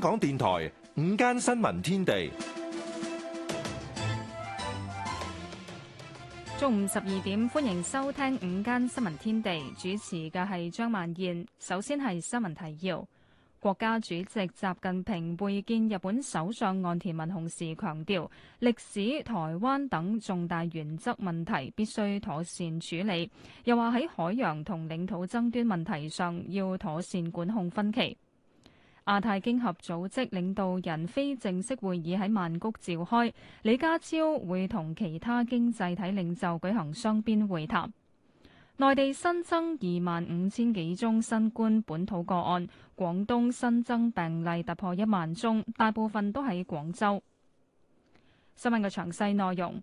香港電台午間新聞天地，中午十二點，歡迎收聽午間新聞天地，主持嘅係張曼燕。首先係新聞提要：國家主席習近平會見日本首相岸田文雄時強調，歷史、台灣等重大原則問題必須妥善處理，又話喺海洋同領土爭端問題上要妥善管控分歧。亞太經合組織領導人非正式會議喺曼谷召開，李家超會同其他經濟體領袖舉行雙邊會談。內地新增二萬五千幾宗新冠本土個案，廣東新增病例突破一萬宗，大部分都喺廣州。新聞嘅詳細內容。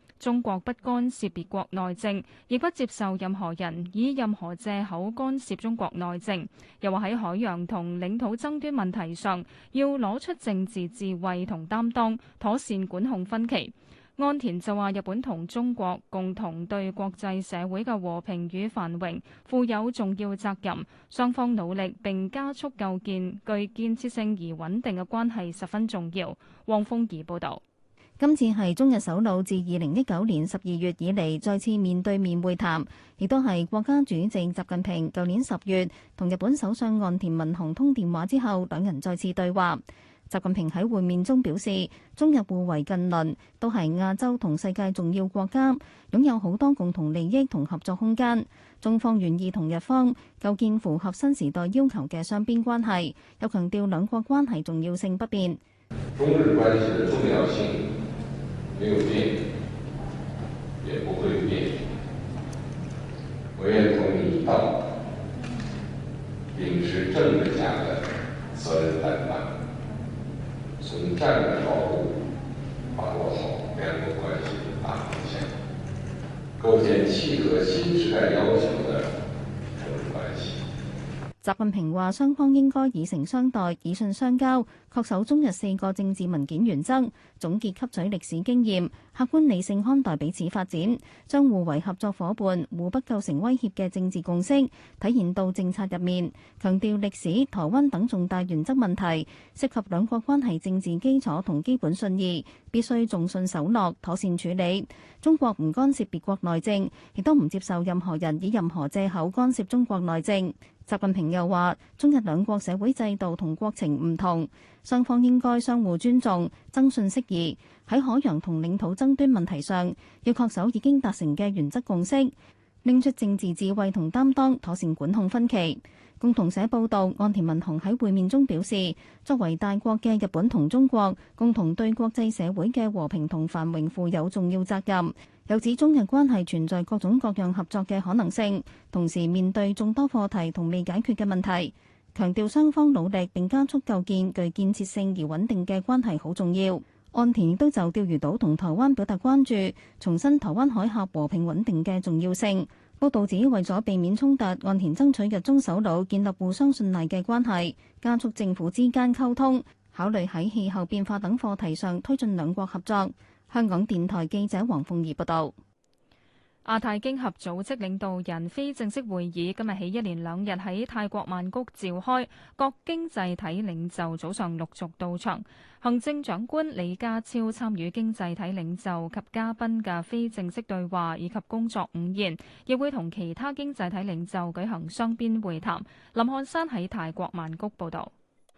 中國不干涉別國內政，亦不接受任何人以任何藉口干涉中國內政。又話喺海洋同領土爭端問題上，要攞出政治智慧同擔當，妥善管控分歧。安田就話：日本同中國共同對國際社會嘅和平與繁榮負有重要責任，雙方努力並加速構建具建設性而穩定嘅關係十分重要。汪峰儀報導。今次係中日首腦自二零一九年十二月以嚟再次面對面會談，亦都係國家主席習近平舊年十月同日本首相岸田文雄通電話之後，兩人再次對話。習近平喺會面中表示，中日互為近鄰，都係亞洲同世界重要國家，擁有好多共同利益同合作空間。中方願意同日方構建符合新時代要求嘅雙邊關係，又強調兩國關係重要性不變。中日沒有變，也不會變。我願同你一道，秉持政治家的責任擔當，從戰略高度把握好兩國關係的大方向，構建契合新時代要求的中日關係。習近平話：雙方應該以誠相待，以信相交。恪守中日四個政治文件原則，總結吸取歷史經驗，客觀理性看待彼此發展，將互為合作伙伴、互不構成威脅嘅政治共識體現到政策入面。強調歷史、台灣等重大原則問題，涉及兩國關係政治基礎同基本信義，必須重信守諾，妥善處理。中國唔干涉別國內政，亦都唔接受任何人以任何借口干涉中國內政。習近平又話：中日兩國社會制度同國情唔同。雙方應該相互尊重、增信釋疑。喺海洋同領土爭端問題上，要確守已經達成嘅原則共識，拎出政治智慧同擔當，妥善管控分歧。共同社報導，岸田文雄喺會面中表示，作為大國嘅日本同中國，共同對國際社會嘅和平同繁榮負有重要責任。又指中日關係存在各種各樣合作嘅可能性，同時面對眾多課題同未解決嘅問題。強調雙方努力並加速構建具建設性而穩定嘅關係好重要。岸田亦都就釣魚島同台灣表達關注，重申台灣海峽和平穩定嘅重要性。報道指，為咗避免衝突，岸田爭取日中首腦建立互相信賴嘅關係，加速政府之間溝通，考慮喺氣候變化等課題上推進兩國合作。香港電台記者黃鳳儀報道。亞太經合組織領導人非正式會議今日起一連兩日喺泰國曼谷召開，各經濟體領袖早上陸續到場。行政長官李家超參與經濟體領袖及嘉賓嘅非正式對話以及工作午宴，亦會同其他經濟體領袖舉行雙邊會談。林漢山喺泰國曼谷報道。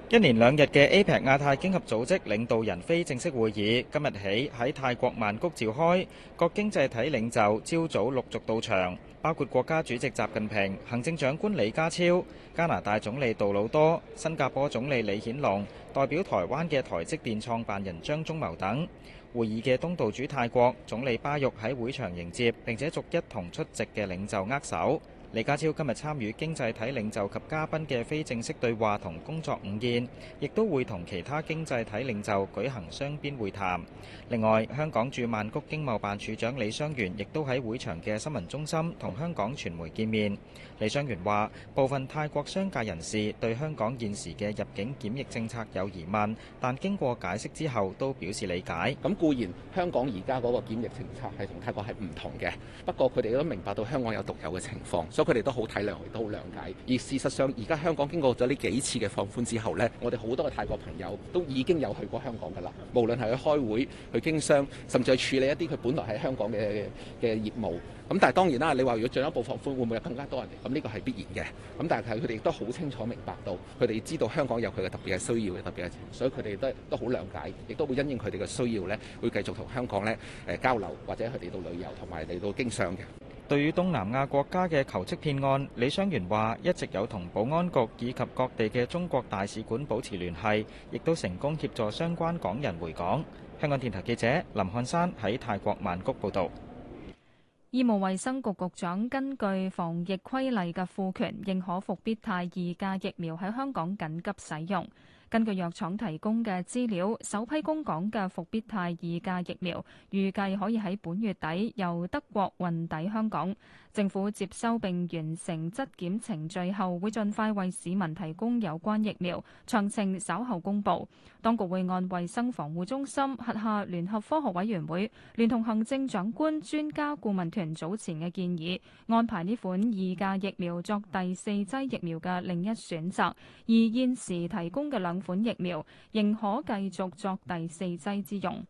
一連兩日嘅 APEC 亞太經合組織領導人非正式會議今日起喺泰國曼谷召開，各經濟體領袖朝早陸續到場，包括國家主席習近平、行政長官李家超、加拿大總理杜魯多、新加坡總理李顯龍、代表台灣嘅台積電創辦人張忠謀等。會議嘅東道主泰國總理巴育喺會場迎接，並且逐一同出席嘅領袖握手。李家超今日參與經濟體領袖及嘉賓嘅非正式對話同工作午宴，亦都會同其他經濟體領袖舉行雙邊會談。另外，香港駐曼谷經貿辦處長李雙元亦都喺會場嘅新聞中心同香港傳媒見面。李雙元話：部分泰國商界人士對香港現時嘅入境檢疫政策有疑問，但經過解釋之後都表示理解。咁固然香港而家嗰個檢疫政策係同泰國係唔同嘅，不過佢哋都明白到香港有獨有嘅情況。佢哋都好體諒，亦都好諒解。而事實上，而家香港經過咗呢幾次嘅放寬之後呢，我哋好多嘅泰國朋友都已經有去過香港噶啦。無論係去開會、去經商，甚至係處理一啲佢本來喺香港嘅嘅業務。咁但係當然啦，你話如果進一步放寬，會唔會有更加多人嚟？咁呢個係必然嘅。咁但係佢哋亦都好清楚明白到，佢哋知道香港有佢嘅特別嘅需要嘅特別嘅情，所以佢哋都都好諒解，亦都會因應佢哋嘅需要呢，會繼續同香港呢誒交流，或者佢哋到旅遊同埋嚟到經商嘅。對於東南亞國家嘅求職騙案，李商元話一直有同保安局以及各地嘅中國大使館保持聯繫，亦都成功協助相關港人回港。香港電台記者林漢山喺泰國曼谷報導。醫務衛生局局長根據防疫規例嘅賦權，認可復必泰二價疫苗喺香港緊急使用。根據藥廠提供嘅資料，首批供港嘅復必泰二價疫苗預計可以喺本月底由德國運抵香港。政府接收並完成質檢程序後，會盡快為市民提供有關疫苗，詳情稍後公布。當局會按衛生防護中心轄下聯合科學委員會聯同行政長官專家顧問團早前嘅建議，安排呢款二價疫苗作第四劑疫苗嘅另一選擇，而現時提供嘅兩款疫苗仍可繼續作第四劑之用。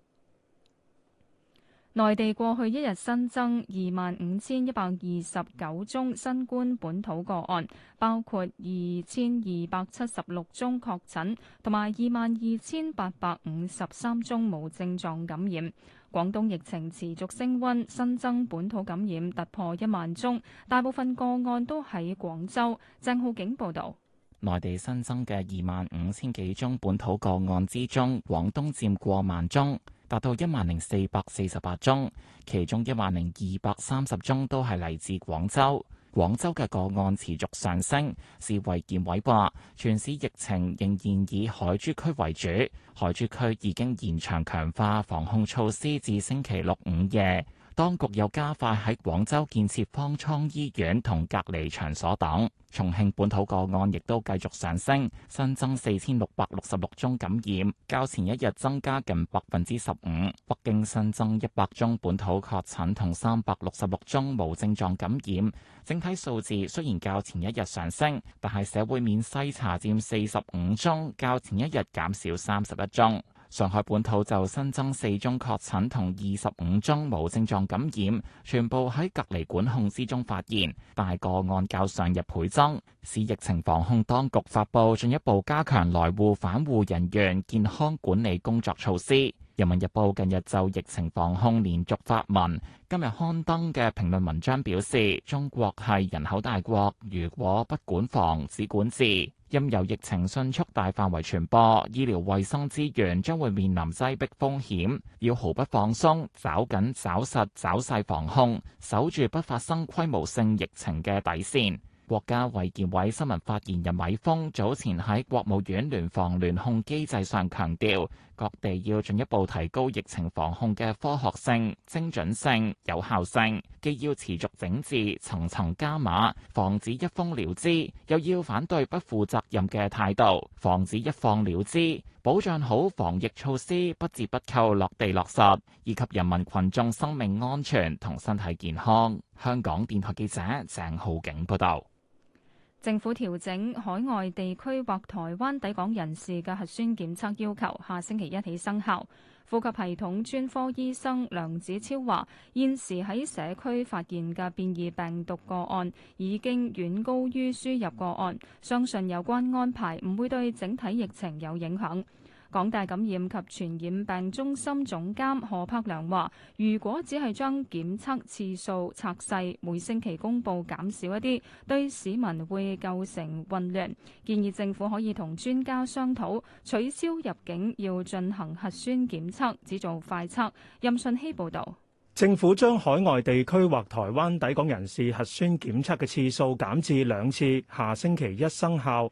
內地過去一日新增二萬五千一百二十九宗新冠本土個案，包括二千二百七十六宗確診，同埋二萬二千八百五十三宗無症狀感染。廣東疫情持續升溫，新增本土感染突破一萬宗，大部分個案都喺廣州。鄭浩景報導。內地新增嘅二萬五千幾宗本土個案之中，廣東佔過萬宗，達到一萬零四百四十八宗，其中一萬零二百三十宗都係嚟自廣州。廣州嘅個案持續上升，市衞健委話，全市疫情仍然以海珠區為主，海珠區已經延長強化防控措施至星期六午夜。當局又加快喺廣州建設方艙醫院同隔離場所等。重慶本土個案亦都繼續上升，新增四千六百六十六宗感染，較前一日增加近百分之十五。北京新增一百宗本土確診同三百六十六宗無症狀感染，整體數字雖然較前一日上升，但係社會面篩查佔四十五宗，較前一日減少三十一宗。上海本土就新增四宗確診同二十五宗無症狀感染，全部喺隔離管控之中發現，但個案較上日倍增，市疫情防控當局發佈進一步加強來滬返滬人員健康管理工作措施。《人民日報》近日就疫情防控連續發文，今日刊登嘅評論文章表示：中國係人口大國，如果不管防只管治。因由疫情迅速大範圍傳播，醫療衛生資源將會面臨擠逼風險，要毫不放鬆抓緊抓實抓細防控，守住不發生規模性疫情嘅底線，國家衛健委新聞發言人米峰早前喺國務院聯防聯控機制上強調。各地要進一步提高疫情防控嘅科學性、精準性、有效性，既要持續整治層層加碼，防止一封了之，又要反對不負責任嘅態度，防止一放了之，保障好防疫措施不折不扣落地落實，以及人民群眾生命安全同身體健康。香港電台記者鄭浩景報道。政府調整海外地區或台灣抵港人士嘅核酸檢測要求，下星期一起生效。呼吸系統專科醫生梁子超話現時喺社區發現嘅變異病毒個案已經遠高於輸入個案，相信有關安排唔會對整體疫情有影響。港大感染及傳染病中心總監何柏良話，如果只係將檢測次數拆細，每星期公布減少一啲，對市民會構成混亂，建議政府可以同專家商討取消入境要進行核酸檢測，只做快測。任信希報道，政府將海外地區或台灣抵港人士核酸檢測嘅次數減至兩次，下星期一生效。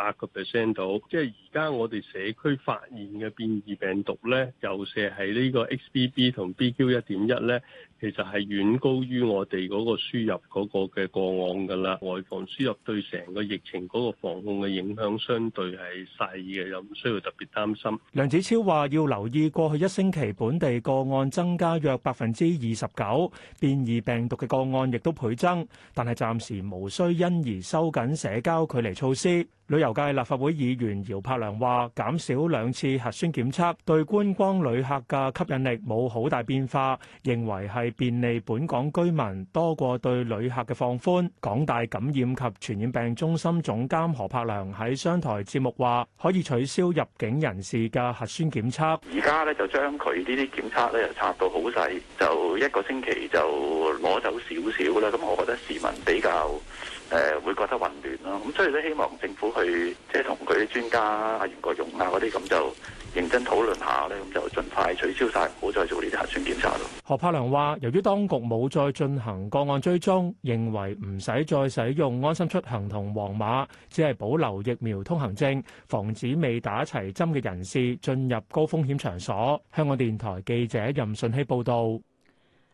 八個 percent 到，即係而家我哋社區發現嘅變異病毒咧，尤其係呢個 XBB 同 BQ 一點一咧。其實係遠高於我哋嗰個輸入嗰個嘅個案㗎啦，外防輸入對成個疫情嗰個防控嘅影響相對係細嘅，又唔需要特別擔心。梁子超話：要留意過去一星期本地個案增加約百分之二十九，變異病毒嘅個案亦都倍增，但係暫時無需因而收緊社交距離措施。旅遊界立法會議員姚柏良話：減少兩次核酸檢測，對觀光旅客嘅吸引力冇好大變化，認為係。便利本港居民多過對旅客嘅放寬，港大感染及傳染病中心總監何柏良喺商台節目話，可以取消入境人士嘅核酸檢測。而家咧就將佢呢啲檢測咧又拆到好細，就一個星期就攞走少少啦。咁我覺得市民比較誒、呃、會覺得混亂咯。咁所以咧希望政府去即係同佢啲專家阿袁國勇啊嗰啲咁就。認真討論下咧，咁就盡快取消晒，唔好再做呢啲核酸檢查咯。何柏良話：由於當局冇再進行個案追蹤，認為唔使再使用安心出行同黃碼，只係保留疫苗通行證，防止未打齊針嘅人士進入高風險場所。香港電台記者任順希報導。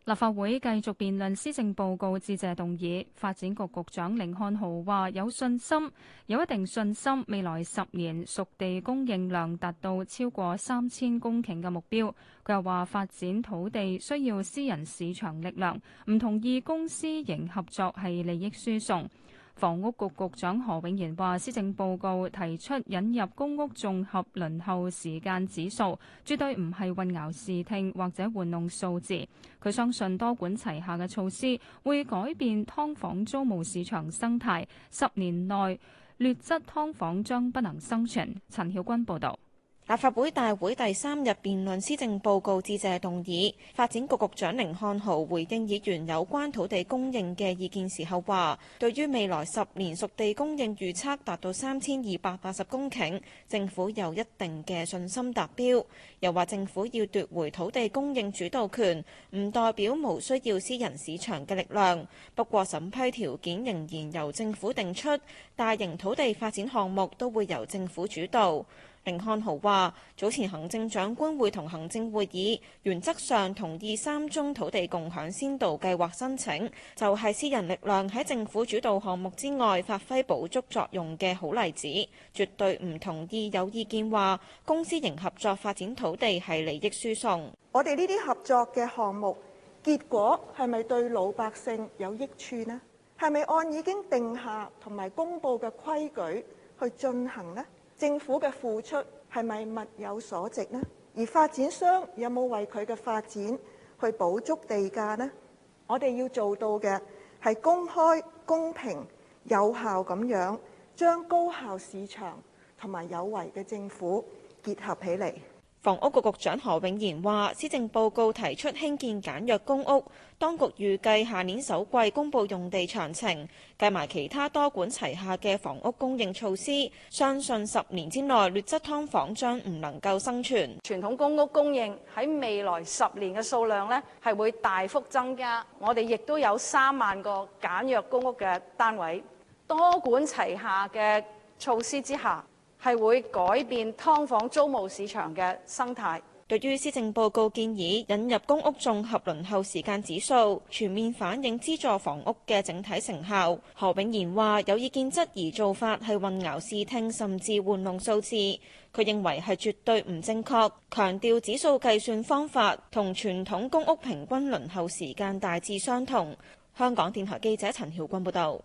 立法會繼續辯論施政報告致謝動議，發展局局長凌漢豪話有信心，有一定信心，未來十年熟地供應量達到超過三千公頃嘅目標。佢又話發展土地需要私人市場力量，唔同意公私營合作係利益輸送。房屋局局長何永賢話，施政報告提出引入公屋綜合輪候時間指數，絕對唔係混淆視聽或者玩弄數字。佢相信多管齊下嘅措施會改變劏房租務市場生態，十年內劣質劏房將不能生存。陳曉君報導。立法會大會第三日辯論施政報告，致謝動議。發展局局長寧漢豪回應議員有關土地供應嘅意見時候話，對於未來十年熟地供應預測達到三千二百八十公頃，政府有一定嘅信心達標。又話政府要奪回土地供應主導權，唔代表無需要私人市場嘅力量。不過審批條件仍然由政府定出，大型土地發展項目都會由政府主導。甯漢豪話：早前行政長官會同行政會議原則上同意三宗土地共享先導計劃申請，就係、是、私人力量喺政府主導項目之外發揮補足作用嘅好例子。絕對唔同意有意見話公私營合作發展土地係利益輸送。我哋呢啲合作嘅項目，結果係咪對老百姓有益處呢？係咪按已經定下同埋公布嘅規矩去進行呢？政府嘅付出係咪物有所值呢？而發展商有冇為佢嘅發展去補足地價呢？我哋要做到嘅係公開、公平、有效咁樣將高效市場同埋有為嘅政府結合起嚟。房屋局局長何永賢話，施政報告提出興建簡約公屋，當局預計下年首季公佈用地詳情，計埋其他多管齊下嘅房屋供應措施，相信十年之內劣質劏房將唔能夠生存。傳統公屋供應喺未來十年嘅數量呢，係會大幅增加。我哋亦都有三萬個簡約公屋嘅單位，多管齊下嘅措施之下，係會改變劏房租務市場嘅生態。對於施政報告建議引入公屋綜合輪候時間指數，全面反映資助房屋嘅整體成效，何永賢話有意見質疑做法係混淆視聽，甚至玩弄數字。佢認為係絕對唔正確，強調指數計算方法同傳統公屋平均輪候時間大致相同。香港電台記者陳曉君報導。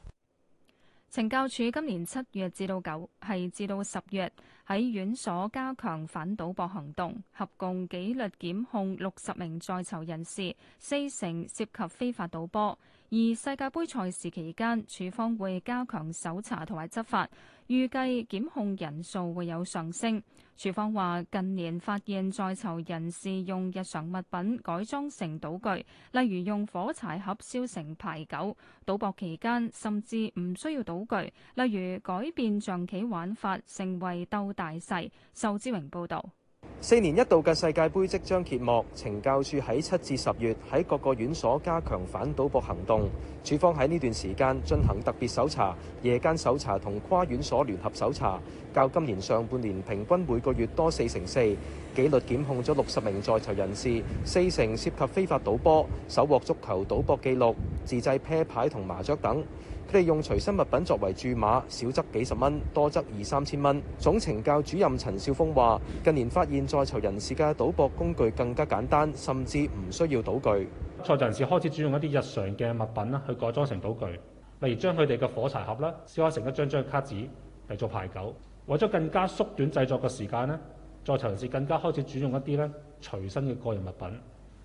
懲教署今年七月至到九係至到十月喺院所加強反賭博行動，合共紀律檢控六十名在囚人士，四成涉及非法賭博。而世界盃賽事期間，署方會加強搜查同埋執法，預計檢控人數會有上升。處方話近年發現在囚人士用日常物品改裝成賭具，例如用火柴盒燒成牌九；賭博期間甚至唔需要賭具，例如改變象棋玩法成為鬥大細，仇志榮報道。四年一度嘅世界杯即將揭幕，懲教署喺七至十月喺各個院所加強反賭博行動。署方喺呢段時間進行特別搜查、夜間搜查同跨院所聯合搜查，較今年上半年平均每個月多四成四。紀律檢控咗六十名在囚人士，四成涉及非法賭波，手獲足球賭博記錄、自製啤牌同麻雀等。佢哋用隨身物品作為注碼，少則幾十蚊，多則二三千蚊。總懲教主任陳少峰話：近年發現在囚人士嘅賭博工具更加簡單，甚至唔需要賭具。在囚人士開始轉用一啲日常嘅物品去改裝成賭具，例如將佢哋嘅火柴盒啦，撕開成一張張卡紙嚟做牌九。為咗更加縮短製作嘅時間呢，在囚人士更加開始轉用一啲咧隨身嘅個人物品，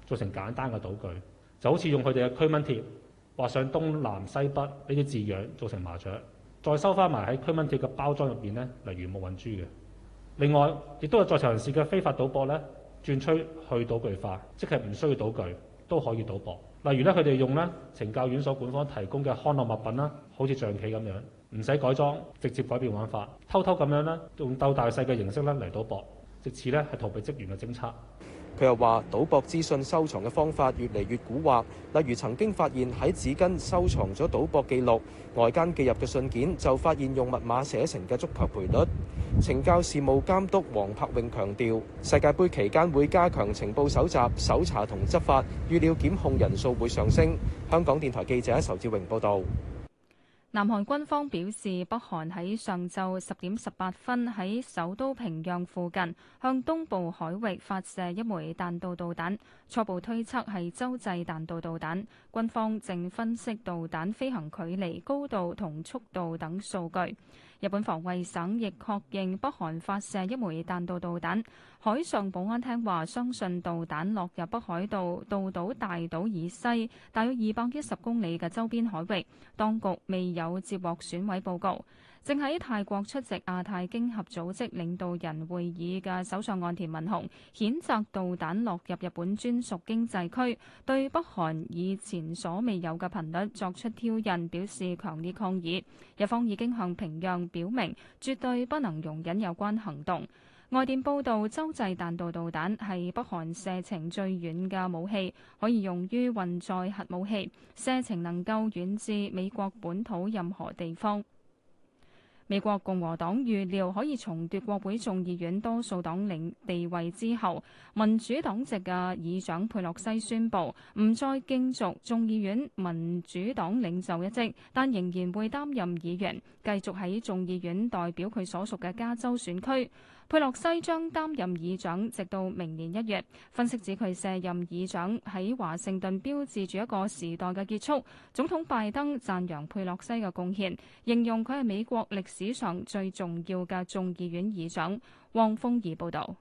做成簡單嘅賭具，就好似用佢哋嘅驅蚊貼。畫上東南西北呢啲字樣，做成麻雀，再收翻埋喺驅蚊貼嘅包裝入邊呢，例如木運珠嘅。另外，亦都有在場人士嘅非法賭博呢，轉趨去賭具化，即係唔需要賭具都可以賭博。例如呢，佢哋用呢懲教院所管方提供嘅康樂物品啦，好似象棋咁樣，唔使改裝，直接改變玩法，偷偷咁樣呢，用鬥大細嘅形式呢嚟賭博，藉此呢，係逃避職員嘅偵測。佢又話：賭博資訊收藏嘅方法越嚟越古惑。例如曾經發現喺紙巾收藏咗賭博記錄，外間寄入嘅信件就發現用密碼寫成嘅足球賠率。懲教事務監督黃柏永強調，世界盃期間會加強情報搜集、搜查同執法，預料檢控人數會上升。香港電台記者仇志榮報道。南韓軍方表示，北韓喺上晝十點十八分喺首都平壤附近向東部海域發射一枚彈道導彈，初步推測係洲際彈道導彈。軍方正分析導彈飛行距離、高度同速度等數據。日本防衛省亦確認北韓發射一枚彈道導彈，海上保安廳話相信導彈落入北海道道島大島以西大約二百一十公里嘅周邊海域，當局未有接獲損毀報告。正喺泰國出席亞太經合組織領導人會議嘅首相岸田文雄，譴責導彈落入日本專屬經濟區，對北韓以前所未有嘅頻率作出挑釁，表示強烈抗議，日方已經向平壤表明，絕對不能容忍有關行動，外電報道，洲際彈道導彈係北韓射程最遠嘅武器，可以用於運載核武器，射程能夠遠至美國本土任何地方。美國共和黨預料可以重奪國會眾議院多數黨領地位之後，民主黨籍嘅議長佩洛西宣布唔再競逐眾議院民主黨領袖一職，但仍然會擔任議員，繼續喺眾議院代表佢所屬嘅加州選區。佩洛西將擔任議長，直到明年一月。分析指佢卸任議長喺華盛頓標誌住一個時代嘅結束。總統拜登讚揚佩洛西嘅貢獻，形容佢係美國歷史上最重要嘅眾議院議長。汪峰儀報導。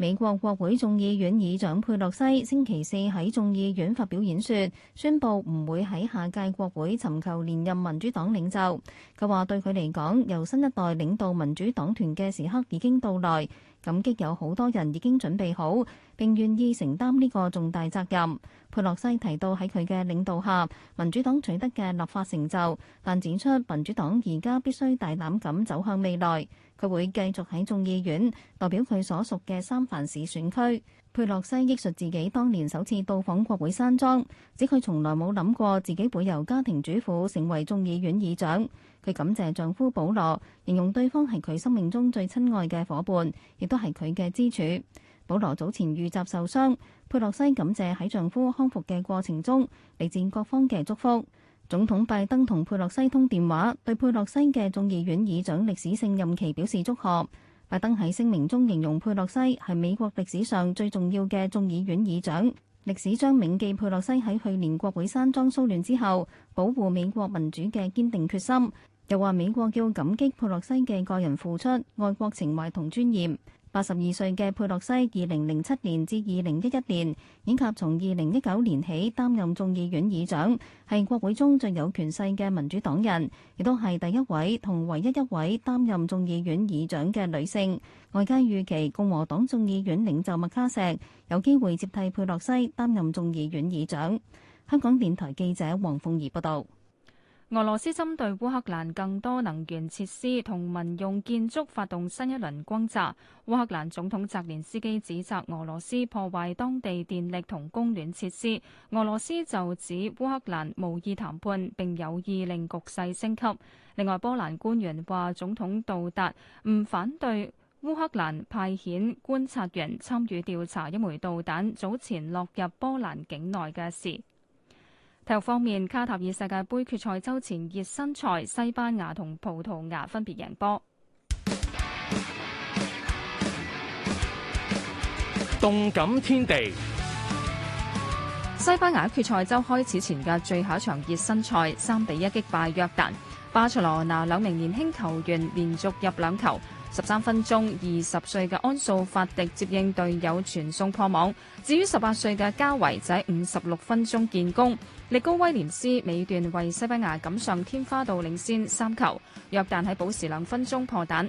美國國會眾議院議長佩洛西星期四喺眾議院發表演說，宣布唔會喺下屆國會尋求連任民主黨領袖。佢話，對佢嚟講，由新一代領導民主黨團嘅時刻已經到來。感激有好多人已經準備好，並願意承擔呢個重大責任。佩洛西提到，喺佢嘅領導下，民主黨取得嘅立法成就，但指出民主黨而家必須大膽咁走向未來。佢會繼續喺眾議院代表佢所屬嘅三藩市選區。佩洛西憶述自己當年首次到訪國會山莊，指佢從來冇諗過自己會由家庭主婦成為眾議院議長。佢感謝丈夫保羅，形容對方係佢生命中最親愛嘅伙伴，亦都係佢嘅支柱。保羅早前遇襲受傷，佩洛西感謝喺丈夫康復嘅過程中，嚟自各方嘅祝福。總統拜登同佩洛西通電話，對佩洛西嘅眾議院議長歷史性任期表示祝賀。拜登喺聲明中形容佩洛西係美國歷史上最重要嘅眾議院議長，歷史將銘記佩洛西喺去年國會山莊騷亂之後，保護美國民主嘅堅定決心，又話美國要感激佩洛西嘅個人付出、愛國情懷同尊嚴。八十二歲嘅佩洛西，二零零七年至二零一一年，以及從二零一九年起擔任眾議院議長，係國會中最有權勢嘅民主黨人，亦都係第一位同唯一一位擔任眾議院議長嘅女性。外界預期共和黨眾議院領袖麥卡錫有機會接替佩洛西擔任眾議院議長。香港電台記者黃鳳儀報道。俄羅斯針對烏克蘭更多能源設施同民用建築發動新一輪轟炸。烏克蘭總統澤連斯基指責俄羅斯破壞當地電力同供暖設施。俄羅斯就指烏克蘭無意談判並有意令局勢升級。另外，波蘭官員話總統杜達唔反對烏克蘭派遣觀察員參與調查一枚導彈早前落入波蘭境內嘅事。體育方面，卡塔爾世界杯決賽周前熱身賽，西班牙同葡萄牙分別贏波。動感天地，西班牙決賽周開始前嘅最後一場熱身賽，三比一擊敗約旦，巴塞羅那兩名年輕球員連續入兩球。十三分鐘，二十歲嘅安素法迪接應隊友傳送破網。至於十八歲嘅加維仔，五十六分鐘建功。力高威廉斯尾段為西班牙錦上添花，到領先三球。約旦喺保時兩分鐘破蛋。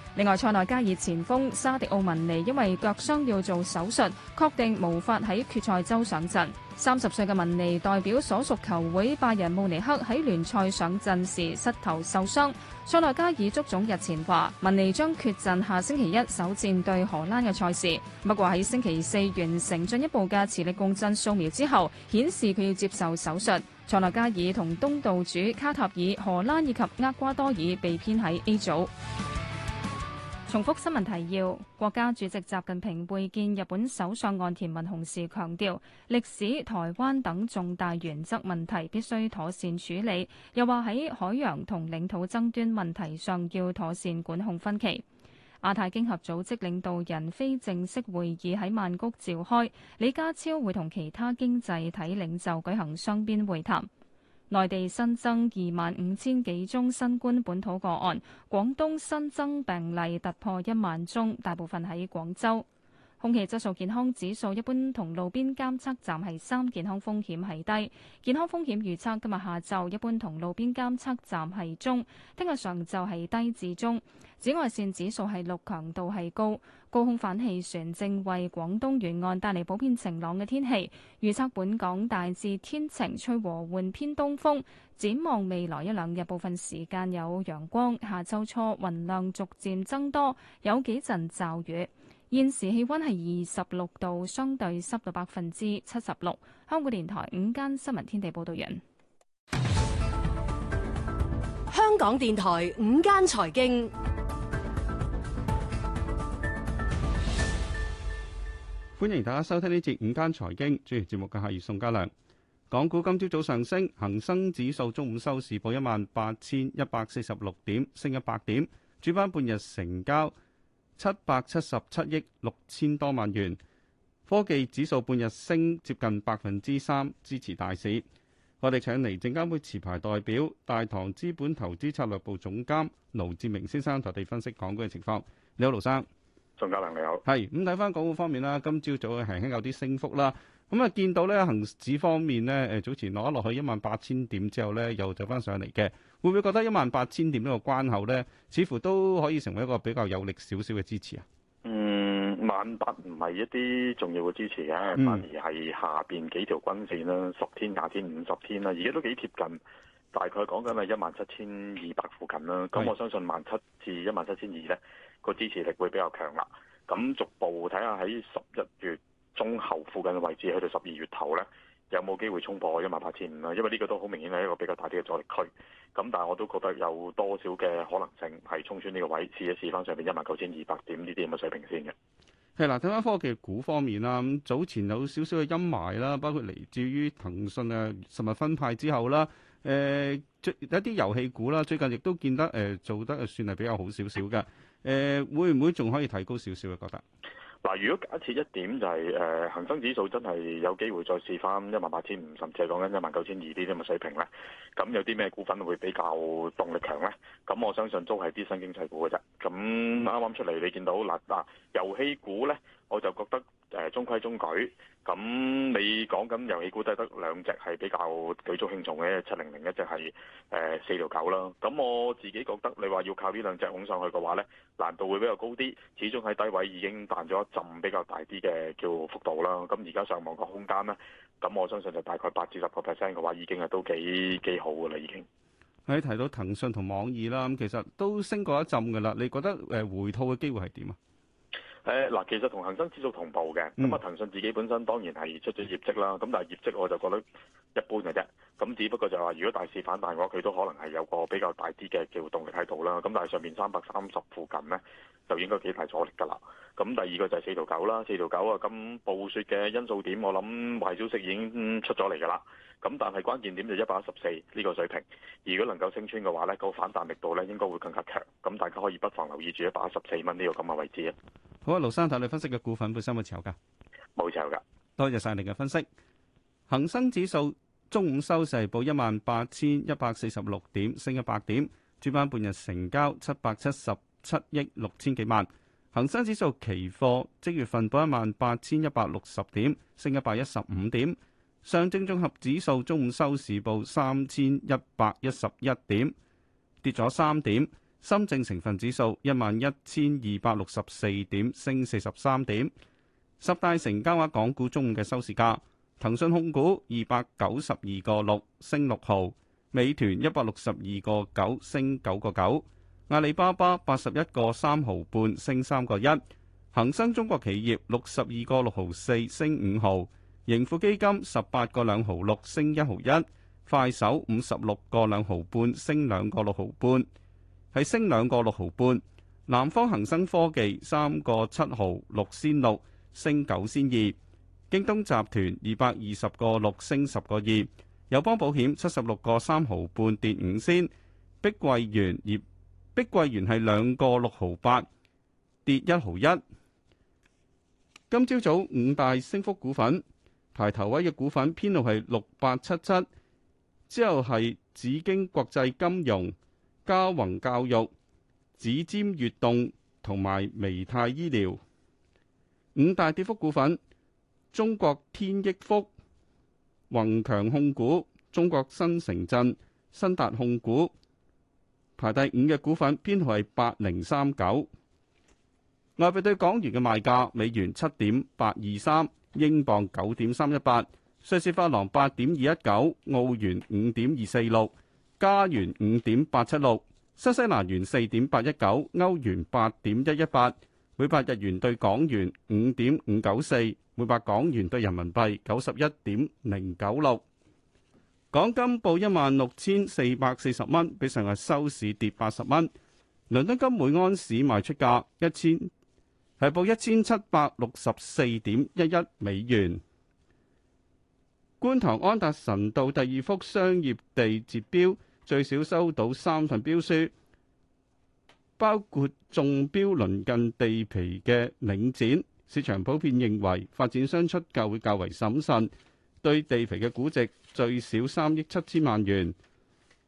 另外，塞內加爾前鋒沙迪奧文尼因為腳傷要做手術，確定無法喺決賽周上陣。三十歲嘅文尼代表所屬球會拜仁慕尼克喺聯賽上陣時膝頭受傷。塞內加爾足總日前話，文尼將缺陣下星期一首戰對荷蘭嘅賽事。不過喺星期四完成進一步嘅磁力共振掃描之後，顯示佢要接受手術。塞內加爾同東道主卡塔爾、荷蘭以及厄瓜多爾被編喺 A 組。重複新聞提要：國家主席習近平會見日本首相岸田文雄時，強調歷史、台灣等重大原則問題必須妥善處理，又話喺海洋同領土爭端問題上要妥善管控分歧。亞太經合組織領導人非正式會議喺曼谷召開，李家超會同其他經濟體領袖舉行雙邊會談。內地新增二萬五千幾宗新冠本土個案，廣東新增病例突破一萬宗，大部分喺廣州。空氣質素健康指數一般同路邊監測站係三，健康風險係低，健康風險預測今日下晝一般同路邊監測站係中，聽日上晝係低至中。紫外線指數係六，強度係高。高空反氣旋正為廣東沿岸帶嚟普遍晴朗嘅天氣，預測本港大致天晴，吹和緩偏東風。展望未來一兩日，部分時間有陽光，下周初雲量逐漸增多，有幾陣驟雨。現時氣溫係二十六度，相對濕度百分之七十六。香港電台午間新聞天地報道人，香港電台午間財經，歡迎大家收聽呢節午間財經。主持節目嘅係宋嘉良。港股今朝早上升，恒生指數中午收市報一萬八千一百四十六點，升一百點。主板半日成交。七百七十七億六千多萬元，科技指數半日升接近百分之三，支持大市。我哋請嚟證監會持牌代表大唐資本投資策略部總監盧志明先生，同我哋分析港股嘅情況。你好，盧生。宋家良你好。係，咁睇翻港股方面啦，今朝早嘅行輕有啲升幅啦。咁啊，見到咧，恆指方面咧，誒早前落一落去一萬八千點之後咧，又就翻上嚟嘅，會唔會覺得一萬八千點呢個關口咧，似乎都可以成為一個比較有力少少嘅支持啊？嗯，萬八唔係一啲重要嘅支持嘅，反而係下邊幾條均線啦，十天、廿天、五十天啦，而家都幾貼近，大概講緊係一萬七千二百附近啦。咁我相信萬七至一萬七千二咧，個支持力會比較強啦。咁逐步睇下喺十一月。中後附近嘅位置喺到十二月頭咧，有冇機會衝破一萬八千五咧？因為呢個都好明顯係一個比較大啲嘅阻力區。咁但係我都覺得有多少嘅可能性係衝穿呢個位置，試一試返上面一萬九千二百點呢啲咁嘅水平先嘅。係啦，睇返科技股方面啦，咁早前有少少嘅陰霾啦，包括嚟自於騰訊呀實物分派之後啦。誒、呃，一啲遊戲股啦，最近亦都見得誒、呃、做得算係比較好少少嘅。誒、呃，會唔會仲可以提高少少啊？覺得？嗱，如果假設一點就係、是、誒，恆、呃、生指數真係有機會再試翻一萬八千五，甚至係講緊一萬九千二呢啲咁嘅水平咧。咁有啲咩股份會比較動力強咧？咁我相信都係啲新經濟股嘅啫。咁啱啱出嚟，你見到嗱嗱遊戲股咧。我就覺得誒、呃、中規中矩。咁你講緊遊戲股都得兩隻係比較舉足輕重嘅，七零零一隻係誒、呃、四條九啦。咁我自己覺得你話要靠呢兩隻拱上去嘅話咧，難度會比較高啲。始終喺低位已經彈咗一浸比較大啲嘅叫幅度啦。咁而家上網嘅空間咧，咁我相信就大概八至十個 percent 嘅話，已經係都幾幾好嘅啦。已經。喺提到騰訊同網易啦，咁其實都升過一陣嘅啦。你覺得誒回吐嘅機會係點啊？誒嗱，其實同恒生指數同步嘅，咁啊騰訊自己本身當然係出咗業績啦，咁但係業績，我就覺得。一般嘅啫，咁只不過就話如果大市反彈嘅話，佢都可能係有個比較大啲嘅叫動力喺度啦。咁但係上面三百三十附近呢，就應該幾大阻力噶啦。咁第二個就係四條九啦，四條九啊，咁暴雪嘅因素點，我諗壞消息已經出咗嚟噶啦。咁但係關鍵點就一百一十四呢個水平，如果能夠升穿嘅話呢，個反彈力度呢應該會更加強。咁大家可以不妨留意住一百一十四蚊呢個咁嘅位置啊。好啊，盧生睇你分析嘅股份本身有冇持有噶？冇持有噶。多謝晒你嘅分析。恒生指數中午收市報一萬八千一百四十六點，升一百點。主板半日成交七百七十七億六千幾萬。恒生指數期貨即月份報一萬八千一百六十點，升一百一十五點。上證綜合指數中午收市報三千一百一十一點，跌咗三點。深證成分指數一萬一千二百六十四點，升四十三點。十大成交額港股中午嘅收市價。騰訊控股二百九十二個六升六毫，美團一百六十二個九升九個九，阿里巴巴八十一個三毫半升三個一，恒生中國企業六十二個六毫四升五毫，盈富基金十八個兩毫六升一毫一，快手五十六個兩毫半升兩個六毫半，係升兩個六毫半，南方恒生科技三個七毫六先六升九先二。京東集團二百二十個六升十個二，友邦保險七十六個三毫半跌五仙，碧桂園業碧桂園係兩個六毫八跌一毫一。今朝早，早五大升幅股份，排頭位嘅股份編號係六八七七，之後係紫荊國際金融、嘉宏教育、指尖躍動同埋微泰醫療。五大跌幅股份。中國天益福、宏強控股、中國新城鎮、新達控股，排第五嘅股份編號係八零三九。外幣對港元嘅賣價：美元七點八二三，英鎊九點三一八，瑞士法郎八點二一九，澳元五點二四六，加元五點八七六，新西蘭元四點八一九，歐元八點一一八。每百日元兌港元五點五九四，每百港元兌人民幣九十一點零九六。港金報一萬六千四百四十蚊，比上日收市跌八十蚊。倫敦金每安士賣出價一千，係報一千七百六十四點一一美元。觀塘安達臣道第二幅商業地截標，最少收到三份標書。包括中標鄰近地皮嘅領展，市場普遍認為發展商出價會較為審慎，對地皮嘅估值最少三億七千萬元。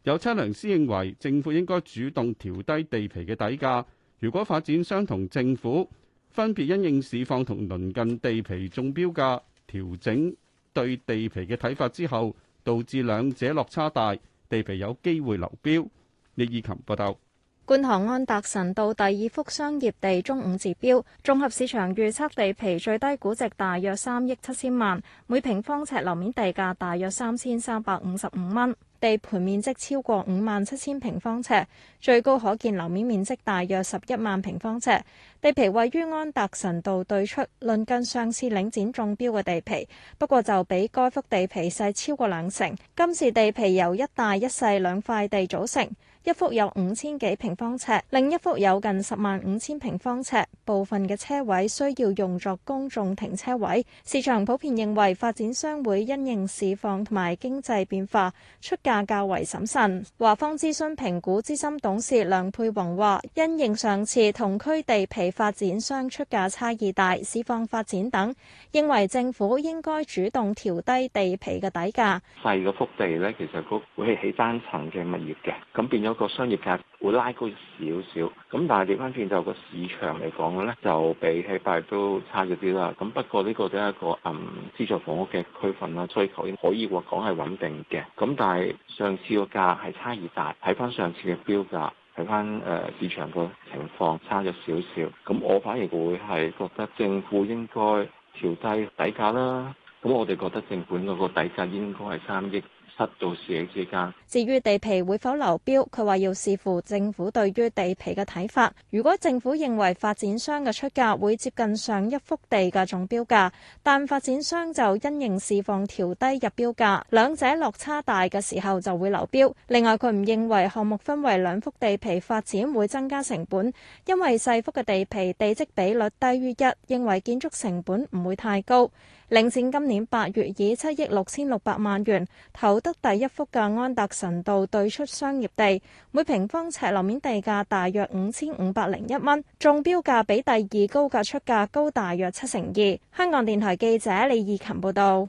有測量師認為政府應該主動調低地皮嘅底價。如果發展商同政府分別因應市況同鄰近地皮中標價調整對地皮嘅睇法之後，導致兩者落差大，地皮有機會流標。李以琴報道。觀塘安達臣道第二幅商業地中午截標，綜合市場預測地皮最低估值大約三億七千萬，每平方尺樓面地價大約三千三百五十五蚊，地盤面積超過五萬七千平方尺，最高可見樓面面積大約十一萬平方尺。地皮位於安達臣道對出，鄰近上次領展中標嘅地皮，不過就比該幅地皮細超過兩成。今次地皮由一大一細兩塊地組成。一幅有五千幾平方尺，另一幅有近十萬五千平方尺。部分嘅車位需要用作公眾停車位。市場普遍認為發展商會因應市況同埋經濟變化，出價較為審慎。華方諮詢評估，評估資深董事梁佩宏話，因應上次同區地皮發展商出價差異大，市況發展等，認為政府應該主動調低地皮嘅底價，細嘅幅地咧，其實會係起單層嘅物業嘅，咁變咗。個商業價會拉高少少，咁但係調翻轉就個市場嚟講呢，就比起大陸都差咗啲啦。咁不過呢個都係一個誒、嗯、資助房屋嘅區份啦，需求可以話講係穩定嘅。咁但係上次個價係差異大，睇翻上次嘅標價，睇翻誒市場個情況差咗少少。咁我反而會係覺得政府應該調低底價啦。咁我哋覺得政府嗰個底價應該係三億。七到四之間。至於地皮會否流標，佢話要視乎政府對於地皮嘅睇法。如果政府認為發展商嘅出價會接近上一幅地嘅總標價，但發展商就因應市況調低入標價，兩者落差大嘅時候就會流標。另外，佢唔認為項目分為兩幅地皮發展會增加成本，因為細幅嘅地皮地積比率低於一，認為建築成本唔會太高。領展今年八月以七億六千六百萬元投得第一幅嘅安達臣道對出商業地，每平方尺樓面地價大約五千五百零一蚊，中標價比第二高價出價高大約七成二。香港電台記者李義琴報道。